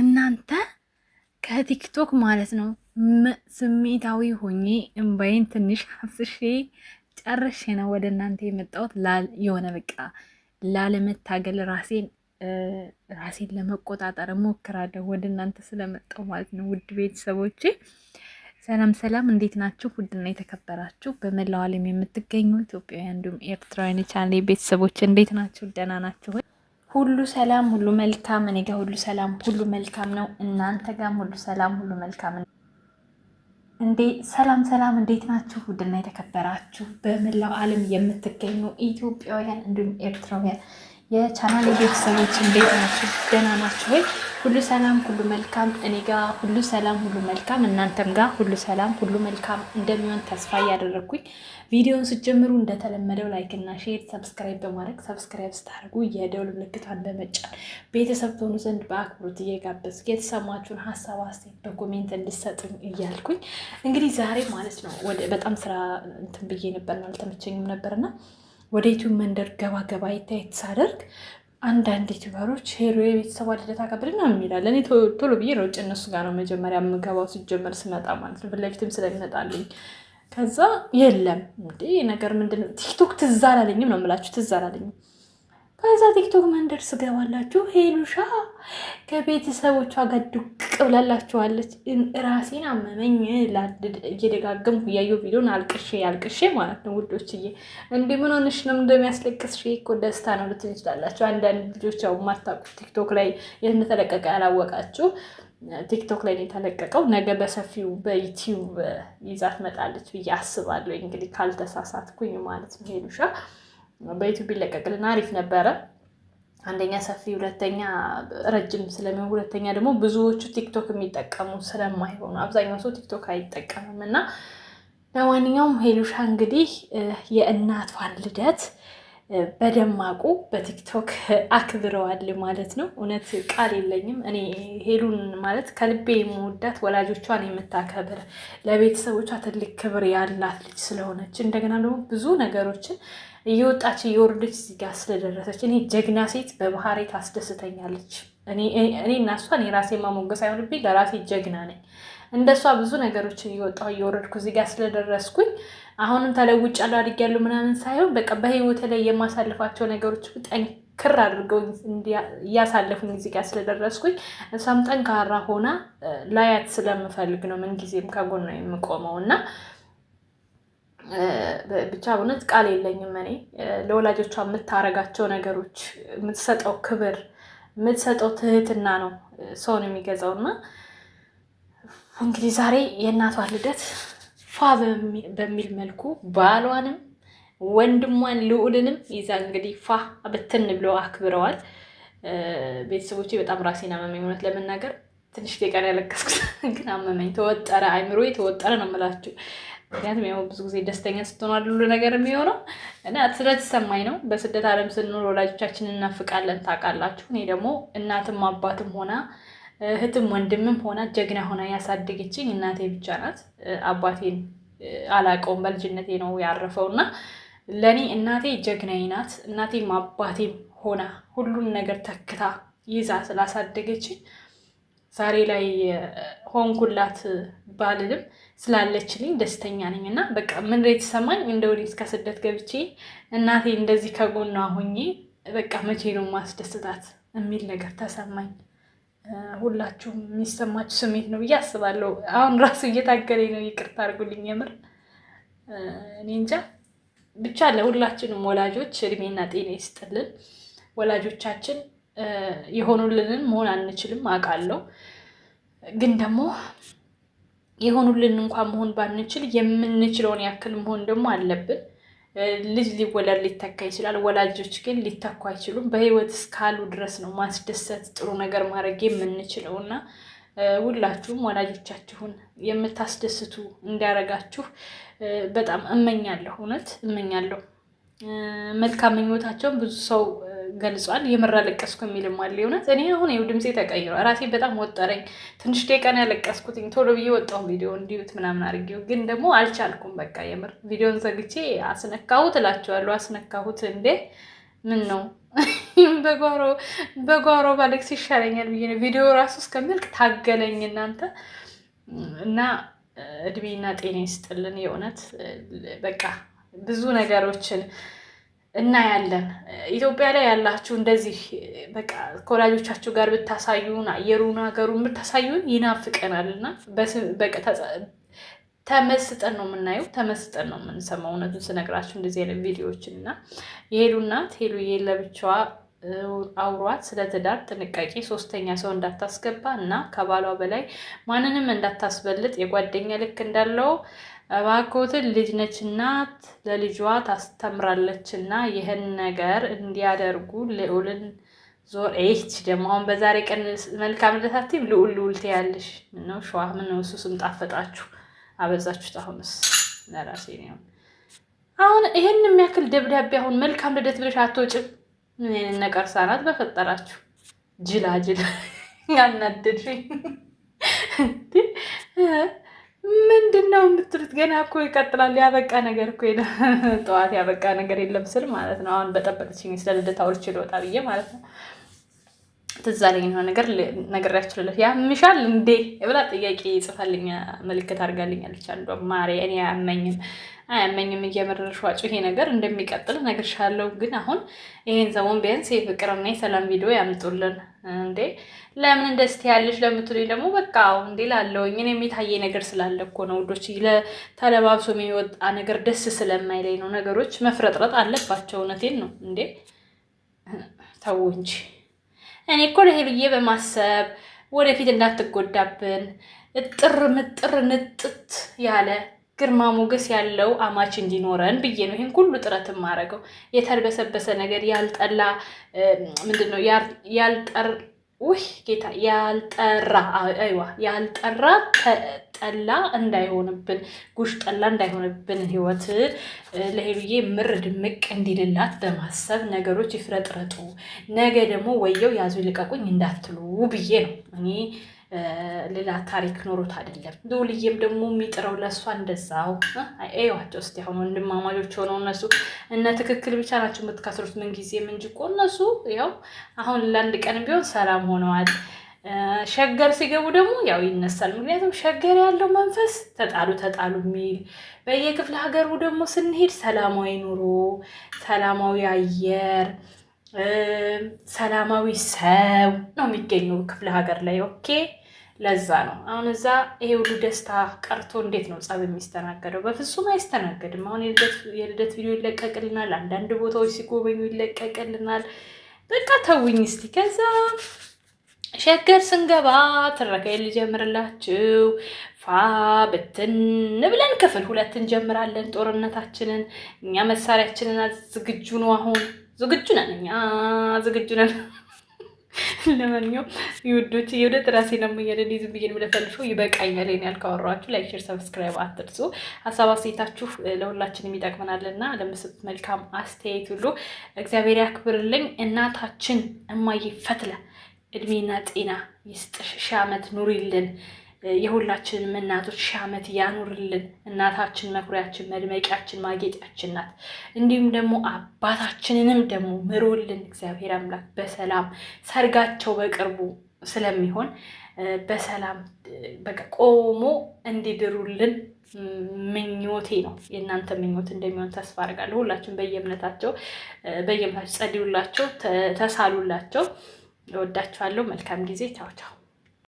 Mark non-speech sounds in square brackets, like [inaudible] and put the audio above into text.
እናንተ ከቲክቶክ ማለት ነው ስሜታዊ ሆኜ እምባይን ትንሽ አፍስሼ ጨርሼ ነው ወደ እናንተ የመጣሁት። የሆነ በቃ ላለመታገል ራሴን ራሴን ለመቆጣጠር እሞክራለሁ ወደ እናንተ ስለመጣሁ ማለት ነው። ውድ ቤተሰቦቼ ሰላም ሰላም፣ እንዴት ናችሁ? ውድና የተከበራችሁ በመላው ዓለም የምትገኙ ኢትዮጵያውያን እንዲሁም ኤርትራውያን ቻናል ቤተሰቦች እንዴት ናችሁ? ደህና ናችሁ? ሁሉ ሰላም፣ ሁሉ መልካም። እኔ ጋር ሁሉ ሰላም፣ ሁሉ መልካም ነው። እናንተ ጋርም ሁሉ ሰላም፣ ሁሉ መልካም ነው እንዴ? ሰላም ሰላም፣ እንዴት ናችሁ? ውድና የተከበራችሁ በመላው ዓለም የምትገኙ ኢትዮጵያውያን እንዲሁም ኤርትራውያን የቻናል ቤተሰቦች እንዴት ናቸው? ደህና ናቸው ወይ? ሁሉ ሰላም ሁሉ መልካም፣ እኔ ጋ ሁሉ ሰላም ሁሉ መልካም፣ እናንተም ጋር ሁሉ ሰላም ሁሉ መልካም እንደሚሆን ተስፋ እያደረግኩኝ ቪዲዮን ስጀምሩ እንደተለመደው ላይክ እና ሼር፣ ሰብስክራይብ በማድረግ ሰብስክራይብ ስታደርጉ የደውል ምልክቷን በመጫን ቤተሰብ ትሆኑ ዘንድ በአክብሮት እየጋበዝኩ የተሰማችሁን ሀሳብ አስተያየት በኮሜንት እንድሰጡኝ እያልኩኝ እንግዲህ ዛሬ ማለት ነው በጣም ስራ እንትን ብዬ ነው አልተመቸኝም ነበርና ወደ ዩቱብ መንደር ገባ ገባ ይታየት ሳደርግ አንዳንድ ዩቱበሮች ሄሮ የቤተሰብ ልደት አከብርና የሚላለን ቶሎ ብዬ ነው እነሱ ጋር ነው መጀመሪያ የምገባው። ሲጀመር ስመጣ ማለት ነው ፊት ስለሚመጣልኝ ከዛ የለም እንዴ ነገር ምንድን ነው ቲክቶክ ትዝ አላለኝም ነው የምላችሁ፣ ትዝ አላለኝም ከዛ ቲክቶክ መንደር ስገባላችሁ ሄሉሻ ከቤተሰቦቿ ጋር ዱቅ ብላላችኋለች። ራሴን አመመኝ እየደጋገምኩ እያየሁ ቪዲዮን አልቅሼ አልቅሼ ማለት ነው ውዶችዬ። እንዲህ ምን ሆነሽ ነው እንደሚያስለቅስሽ እኮ ደስታ ነው ልትል ይችላላችሁ። አንዳንድ ልጆች ያው የማታውቁት ቲክቶክ ላይ የተለቀቀ ያላወቃችሁ ቲክቶክ ላይ የተለቀቀው ነገ በሰፊው በዩቲዩብ ይዛት መጣለች ብዬ አስባለሁ። እንግዲህ ካልተሳሳትኩኝ ማለት ነው ሄሉሻ በዩቱብ ይለቀቅልን አሪፍ ነበረ። አንደኛ ሰፊ፣ ሁለተኛ ረጅም ስለሚሆን፣ ሁለተኛ ደግሞ ብዙዎቹ ቲክቶክ የሚጠቀሙ ስለማይሆኑ አብዛኛው ሰው ቲክቶክ አይጠቀምም እና ለማንኛውም ሄሉሻ እንግዲህ የእናቷን ልደት በደማቁ በቲክቶክ አክብረዋል ማለት ነው። እውነት ቃል የለኝም። እኔ ሄሉን ማለት ከልቤ የምወዳት ወላጆቿን የምታከብር ለቤተሰቦቿ ትልቅ ክብር ያላት ልጅ ስለሆነች እንደገና ደግሞ ብዙ ነገሮችን እየወጣች እየወረደች እዚህ ጋር ስለደረሰች እኔ ጀግና ሴት በባህሪ ታስደስተኛለች። እኔ እና እሷን የራሴ ማሞገስ አይሆንብኝ፣ ለራሴ ጀግና ነኝ። እንደሷ ብዙ ነገሮችን እየወጣሁ እየወረድኩ እዚህ ጋር ስለደረስኩኝ አሁንም ተለውጫለሁ አድጌያለሁ ምናምን ሳይሆን በቃ በህይወት ላይ የማሳልፋቸው ነገሮች ጠንክር አድርገው እያሳለፉኝ እዚህ ጋር ስለደረስኩኝ እሷም ጠንካራ ሆና ላያት ስለምፈልግ ነው ምንጊዜም ነው የምቆመው እና ብቻ እውነት ቃል የለኝም። እኔ ለወላጆቿ የምታረጋቸው ነገሮች፣ የምትሰጠው ክብር፣ የምትሰጠው ትህትና ነው ሰውን የሚገዛው እና እንግዲህ ዛሬ የእናቷን ልደት ፏ በሚል መልኩ ባሏንም ወንድሟን ልዑልንም ይዛ እንግዲህ ፏ ብትን ብለው አክብረዋል። ቤተሰቦች በጣም ራሴን አመመኝ። እውነት ለመናገር ትንሽ ጌቃን ያለቀስኩት ግን አመመኝ። ተወጠረ አይምሮ ተወጠረ ነው የምላችሁ። ምክንያቱም ያው ብዙ ጊዜ ደስተኛ ስትሆኑ ሁሉ ነገር የሚሆነው እና ስለተሰማኝ ነው። በስደት ዓለም ስንኖር ወላጆቻችን እናፍቃለን፣ ታውቃላችሁ። እኔ ደግሞ እናትም አባትም ሆና እህትም ወንድምም ሆና ጀግና ሆና ያሳደገችኝ እናቴ ብቻ ናት። አባቴን አላውቀውም፣ በልጅነቴ ነው ያረፈው እና ለእኔ እናቴ ጀግናዬ ናት። እናቴም አባቴም ሆና ሁሉን ነገር ተክታ ይዛ ስላሳደገችኝ ዛሬ ላይ ሆንኩላት ባልልም ስላለችልኝ ደስተኛ ነኝ እና በቃ ምን የተሰማኝ እንደ ወዲህ ከስደት ገብቼ እናቴ እንደዚህ ከጎኗ ሆኜ በቃ መቼ ነው ማስደስታት የሚል ነገር ተሰማኝ። ሁላችሁም የሚሰማችሁ ስሜት ነው ብዬ አስባለሁ። አሁን ራሱ እየታገለኝ ነው። ይቅርታ አድርጉልኝ። የምር እኔ እንጃ ብቻ ለሁላችንም ወላጆች እድሜና ጤና ይስጥልን። ወላጆቻችን የሆኑልንን መሆን አንችልም አውቃለሁ። ግን ደግሞ የሆኑልን እንኳን መሆን ባንችል የምንችለውን ያክል መሆን ደግሞ አለብን። ልጅ ሊወለድ ሊተካ ይችላል። ወላጆች ግን ሊተኩ አይችሉም። በህይወት እስካሉ ድረስ ነው ማስደሰት፣ ጥሩ ነገር ማድረግ የምንችለው እና ሁላችሁም ወላጆቻችሁን የምታስደስቱ እንዲያረጋችሁ በጣም እመኛለሁ፣ እውነት እመኛለሁ። መልካም ምኞታቸውን ብዙ ሰው ገልጿል። የምር አለቀስኩ የሚልም አለ። የእውነት እኔ አሁን ይኸው ድምፄ ተቀይሯል። ራሴ በጣም ወጠረኝ። ትንሽ ደቂቃን ያለቀስኩትኝ ቶሎ ብዬ ወጣሁ ቪዲዮ እንዲዩት ምናምን አድርጌው፣ ግን ደግሞ አልቻልኩም። በቃ የምር ቪዲዮን ዘግቼ አስነካሁት እላቸዋለሁ። አስነካሁት እንዴ! ምን ነው [laughs] በጓሮ ባለቅስ ይሻለኛል ብዬ ነው ቪዲዮ ራሱ እስከሚልቅ ታገለኝ እናንተ እና እድሜና ጤና ይስጥልን። የእውነት በቃ ብዙ ነገሮችን እናያለን። ኢትዮጵያ ላይ ያላችሁ እንደዚህ በቃ ከወላጆቻችሁ ጋር ብታሳዩን አየሩን ሀገሩን ብታሳዩን ይናፍቀናል እና ተመስጠን ነው የምናየው፣ ተመስጠን ነው የምንሰማው። እውነቱን ስነግራችሁ እንደዚህ አይነት ቪዲዮዎችን እና የሄሉ እናት ሄሉዬ ለብቻዋ አውሯት ስለ ትዳር ጥንቃቄ፣ ሶስተኛ ሰው እንዳታስገባ እና ከባሏ በላይ ማንንም እንዳታስበልጥ የጓደኛ ልክ እንዳለው እባክዎትን ልጅ ነች ነችና ለልጇ ታስተምራለችና ይህን ነገር እንዲያደርጉ ልዑልን ዞር ይች ደግሞ አሁን በዛሬ ቀን መልካም ልደታቲም ልዑል ልዑል ትያለሽ። ምነው ሸዋ ምነው እሱ ስም ጣፈጣችሁ አበዛችሁት። አሁንስ ለራሴ ነው። አሁን ይህን የሚያክል ደብዳቤ አሁን መልካም ልደት ብለሽ አትወጭም። ምን አይነት ነቀርሳ ናት በፈጠራችሁ። ጅላጅል አናደድሽኝ። [laughs] ምንድን ነው የምትሉት? ገና እኮ ይቀጥላል። ያበቃ ነገር እኮ [laughs] ጠዋት ያበቃ ነገር የለም ስል ማለት ነው። አሁን በጠበቀችኝ ስለ ልደት አውርቼ ልወጣ ብዬ ማለት ነው። ትዛለኝ ነው የሆነ ነገር ነግሬያችሁለት ያምሻል እንዴ ብላ ጥያቄ ይጽፋልኝ ምልክት አድርጋልኛለች። አንዷ ማሪ እኔ አያመኝም አያመኝም እየመረረሽ ዋጩ ይሄ ነገር እንደሚቀጥል እነግርሻለሁ፣ ግን አሁን ይህን ሰሞን ቢያንስ የፍቅርና የሰላም ቪዲዮ ያምጡልን እንዴ ለምን እንደስቲ ያለሽ ለምትሉኝ ደግሞ በቃ እንዴ ላለው እኔ የሚታየ ነገር ስላለ እኮ ነው ውዶች። ለተለባብሶ የሚወጣ ነገር ደስ ስለማይለኝ ነው። ነገሮች መፍረጥረጥ አለባቸው። እውነቴን ነው እንዴ ተው እንጂ። እኔ እኮ ለሄሉዬ በማሰብ ወደፊት እንዳትጎዳብን እጥር ምጥር ንጥት ያለ ግርማ ሞገስ ያለው አማች እንዲኖረን ብዬ ነው ይህን ሁሉ ጥረት የማደርገው። የተልበሰበሰ ነገር ያልጠላ ምንድን ነው ውህ ጌታ ያልጠራ አይዋ ያልጠራ ጠላ እንዳይሆንብን ጉሽ ጠላ እንዳይሆንብን ህይወት ለሄሉዬ ምር ድምቅ እንዲልላት በማሰብ ነገሮች ይፍረጥረጡ። ነገ ደግሞ ወየው ያዙ ይልቀቁኝ እንዳትሉ ብዬ ነው እኔ ሌላ ታሪክ ኖሮት አይደለም። ልውልዬም ደግሞ የሚጥረው ለእሷ እንደዛው ዋቸው ስ ሆኑ ወንድማማጆች ሆነው እነሱ እነ ትክክል ብቻ ናቸው የምትከስሩት ምን ጊዜም እንጂ እኮ እነሱ ያው አሁን ለአንድ ቀን ቢሆን ሰላም ሆነዋል። ሸገር ሲገቡ ደግሞ ያው ይነሳል። ምክንያቱም ሸገር ያለው መንፈስ ተጣሉ ተጣሉ የሚል በየክፍለ ሀገሩ ደግሞ ስንሄድ ሰላማዊ ኑሮ፣ ሰላማዊ አየር ሰላማዊ ሰው ነው የሚገኘው ክፍለ ሀገር ላይ ኦኬ። ለዛ ነው አሁን እዛ ይሄ ሁሉ ደስታ ቀርቶ እንዴት ነው ጸብ የሚስተናገደው? በፍጹም አይስተናገድም። አሁን የልደት ቪዲዮ ይለቀቅልናል፣ አንዳንድ ቦታዎች ሲጎበኙ ይለቀቅልናል። በቃ ተውኝ እስቲ። ከዛ ሸገር ስንገባ ትረካ ልጀምርላችሁ ፋ ብትን ብለን ክፍል ሁለት እንጀምራለን ጦርነታችንን። እኛ መሳሪያችንን ዝግጁ ነው አሁን ዝግጁ ነን እኛ ዝግጁ ነን። ለማንኛውም ይወዶች የእውነት ራሴ ነው የምየደን ዝም ብዬ የምለፈልፈው ይበቃኛል። ኔ ያልካወራችሁ ላይክ፣ ሼር፣ ሰብስክራይብ አትርሱ። ሀሳብ አስተያየታችሁ ለሁላችንም ይጠቅመናል እና መልካም አስተያየት ሁሉ እግዚአብሔር ያክብርልኝ። እናታችን እማዬ ፈትለ እድሜና ጤና ይስጥሽ፣ ሺህ ዓመት ኑሪልን። የሁላችንም እናቶች ሺህ ዓመት ያኑርልን። እናታችን መኩሪያችን፣ መድመቂያችን፣ ማጌጫችን ናት። እንዲሁም ደግሞ አባታችንንም ደግሞ ምሮልን እግዚአብሔር አምላክ በሰላም ሰርጋቸው በቅርቡ ስለሚሆን በሰላም በቃ ቆሞ እንዲድሩልን ምኞቴ ነው። የእናንተ ምኞት እንደሚሆን ተስፋ አድርጋለሁ። ሁላችሁም በየእምነታቸው በየእምነታቸው ጸልዩላቸው፣ ተሳሉላቸው። እወዳችኋለሁ። መልካም ጊዜ። ቻው ቻው።